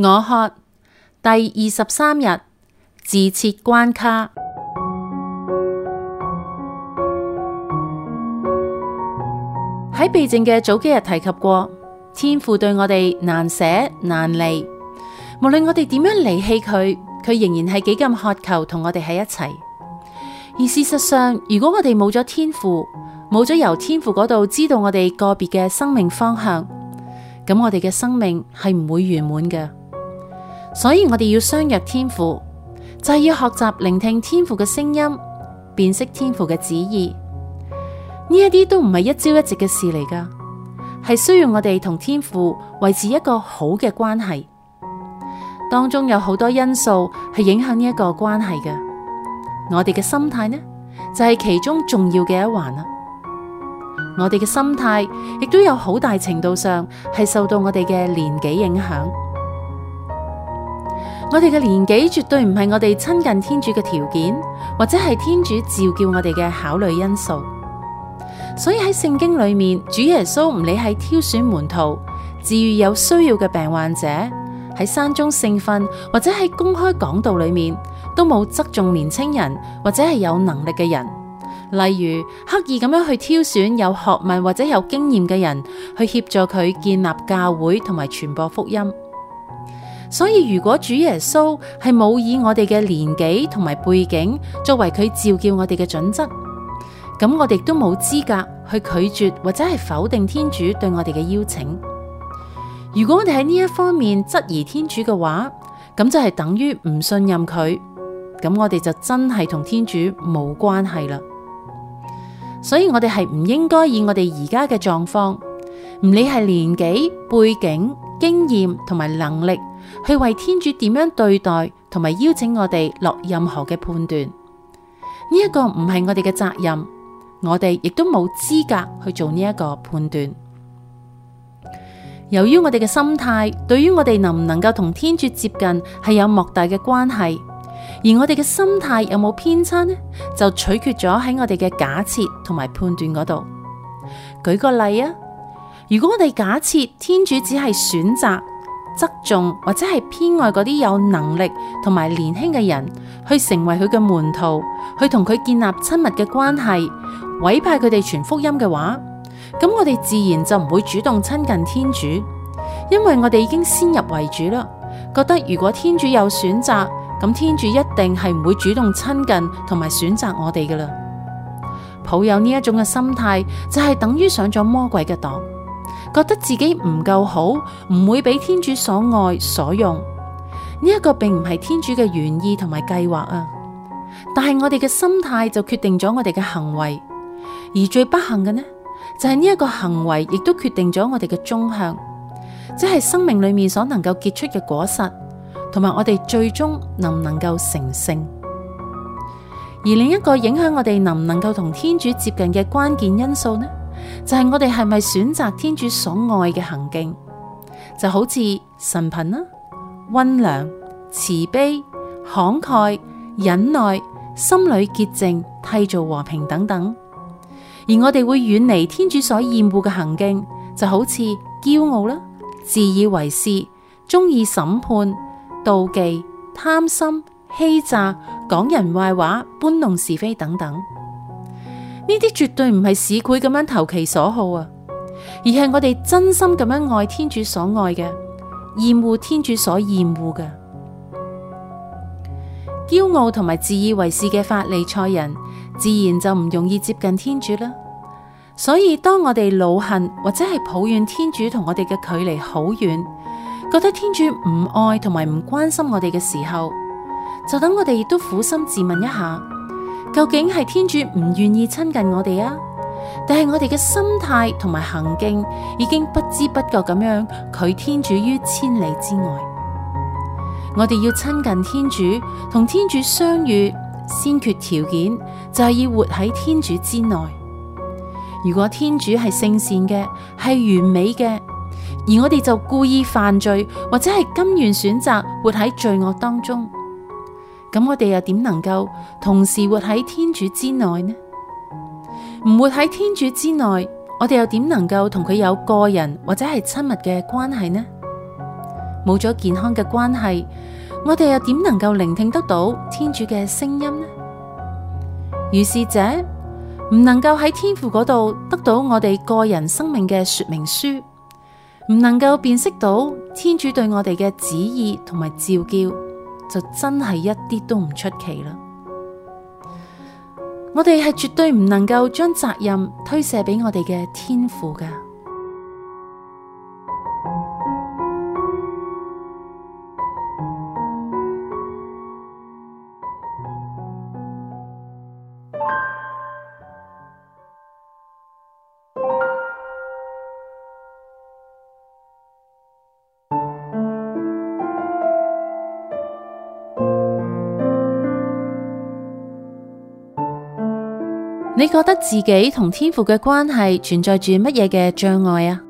我渴，第二十三日，自設關卡。喺避靜嘅早幾日提及過，天父對我哋難捨難離，無論我哋點樣離棄佢，佢仍然係幾咁渴求同我哋喺一齊。而事實上，如果我哋冇咗天父，冇咗由天父嗰度知道我哋個別嘅生命方向，咁我哋嘅生命係唔會圓滿嘅。所以我哋要相約天父，就係、是、要學習聆聽天父嘅聲音，辨識天父嘅旨意。呢一啲都唔係一朝一夕嘅事嚟噶，係需要我哋同天父維持一個好嘅關係。當中有好多因素係影響呢一個關係嘅。我哋嘅心態呢，就係、是、其中重要嘅一環啦。我哋嘅心態亦都有好大程度上係受到我哋嘅年紀影響。我哋嘅年紀絕對唔係我哋親近天主嘅條件，或者係天主召叫我哋嘅考慮因素。所以喺聖經裏面，主耶穌唔理係挑選門徒，治癒有需要嘅病患者，喺山中聖訓或者喺公開講道裏面，都冇側重年青人或者係有能力嘅人。例如刻意咁樣去挑選有學問或者有經驗嘅人去協助佢建立教會同埋傳播福音。所以如果主耶穌係冇以我哋嘅年紀同埋背景作為佢召叫我哋嘅準則，咁我哋都冇資格去拒絕或者係否定天主對我哋嘅邀請。如果我哋喺呢一方面質疑天主嘅話，咁就係等於唔信任佢。咁我哋就真係同天主冇關係啦。所以我哋係唔應該以我哋而家嘅狀況，唔理係年紀、背景。經驗同埋能力去為天主點樣對待同埋邀請我哋落任何嘅判斷，呢一個唔係我哋嘅責任，我哋亦都冇資格去做呢一個判斷。由於我哋嘅心態，對於我哋能唔能夠同天主接近係有莫大嘅關係，而我哋嘅心態有冇偏差呢？就取決咗喺我哋嘅假設同埋判斷嗰度。舉個例啊。如果我哋假設天主只係選擇、側重或者係偏愛嗰啲有能力同埋年輕嘅人去成為佢嘅門徒，去同佢建立親密嘅關係，委派佢哋傳福音嘅話，咁我哋自然就唔會主動親近天主，因為我哋已經先入為主啦，覺得如果天主有選擇，咁天主一定係唔會主動親近同埋選擇我哋噶啦。抱有呢一種嘅心態，就係、是、等於上咗魔鬼嘅當。覺得自己唔夠好，唔會俾天主所愛所用，呢一個並唔係天主嘅原意同埋計劃啊。但係我哋嘅心態就決定咗我哋嘅行為，而最不幸嘅呢，就係呢一個行為亦都決定咗我哋嘅終向，即係生命裏面所能夠結出嘅果實，同埋我哋最終能唔能夠成聖。而另一個影響我哋能唔能夠同天主接近嘅關鍵因素呢，就係我哋係咪選擇天主所愛嘅行徑，就好似神貧啦、溫良、慈悲、慷慨、忍耐、心裡潔淨、締造和平等等；而我哋會遠離天主所厭惡嘅行徑，就好似驕傲啦、自以為是、中意審判、妒忌、貪心、欺詐、講人壞話、搬弄是非等等。呢啲絕對唔係市儈咁樣投其所好啊，而係我哋真心咁樣愛天主所愛嘅，厭惡天主所厭惡嘅。驕傲同埋自以為是嘅法利賽人，自然就唔容易接近天主啦。所以當我哋惱恨或者係抱怨天主同我哋嘅距離好遠，覺得天主唔愛同埋唔關心我哋嘅時候，就等我哋亦都撫心自問一下。究竟係天主唔願意親近我哋啊？定係我哋嘅心態同埋行徑已經不知不覺咁樣拒天主於千里之外？我哋要親近天主，同天主相遇，先決條件就係要活喺天主之內。如果天主係聖善嘅，係完美嘅，而我哋就故意犯罪，或者係甘願選擇活喺罪惡當中。咁我哋又點能夠同時活喺天主之內呢？唔活喺天主之內，我哋又點能夠同佢有個人或者係親密嘅關係呢？冇咗健康嘅關係，我哋又點能夠聆聽得到天主嘅聲音呢？如是者，唔能夠喺天父嗰度得到我哋個人生命嘅說明書，唔能夠辨識到天主對我哋嘅旨意同埋召叫。就真係一啲都唔出奇啦！我哋係絕對唔能夠將責任推卸畀我哋嘅天父噶。你覺得自己同天父嘅關係存在住乜嘢嘅障礙啊？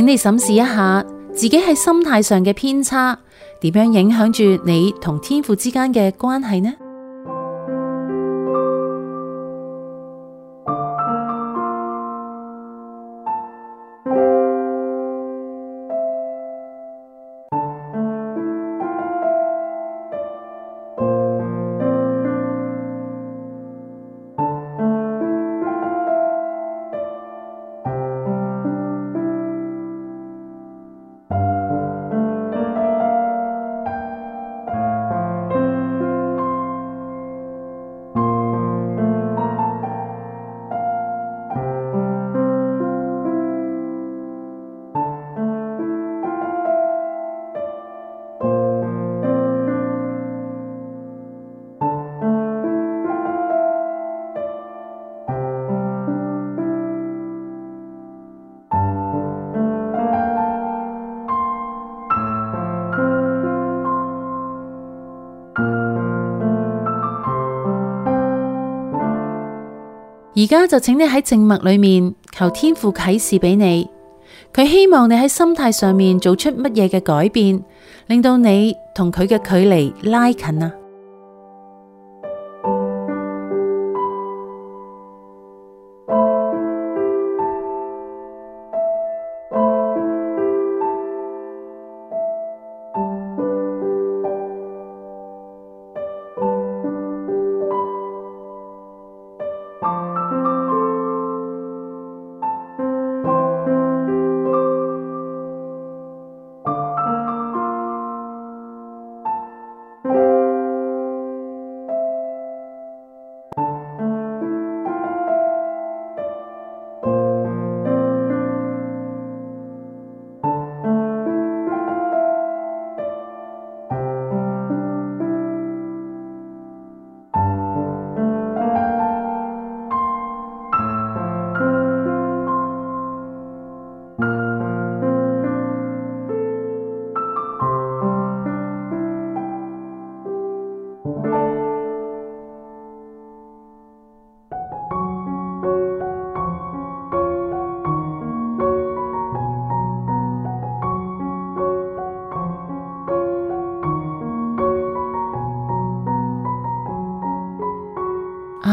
請你審視一下，自己喺心態上嘅偏差，點樣影響住你同天父之間嘅關係呢？而家就請你喺靜默裏面，求天父啟示俾你，佢希望你喺心態上面做出乜嘢嘅改變，令到你同佢嘅距離拉近啊！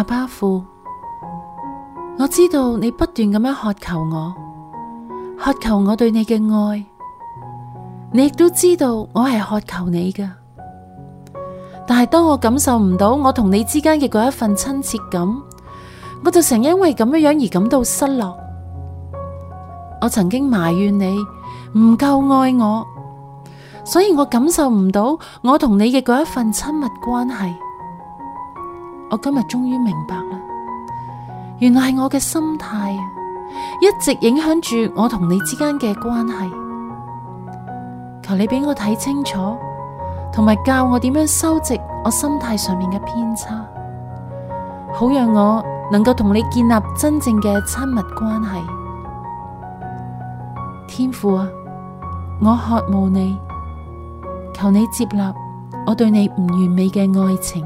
阿爸父，我知道你不斷咁樣渴求我，渴求我對你嘅愛，你亦都知道我係渴求你㗎。但係當我感受唔到我同你之間嘅嗰一份親切感，我就成因為咁樣樣而感到失落。我曾經埋怨你唔夠愛我，所以我感受唔到我同你嘅嗰一份親密關係。我今日終於明白啦，原來係我嘅心態一直影響住我同你之間嘅關係。求你俾我睇清楚，同埋教我點樣修直我心態上面嘅偏差，好讓我能夠同你建立真正嘅親密關係。天父啊，我渴慕你，求你接納我對你唔完美嘅愛情。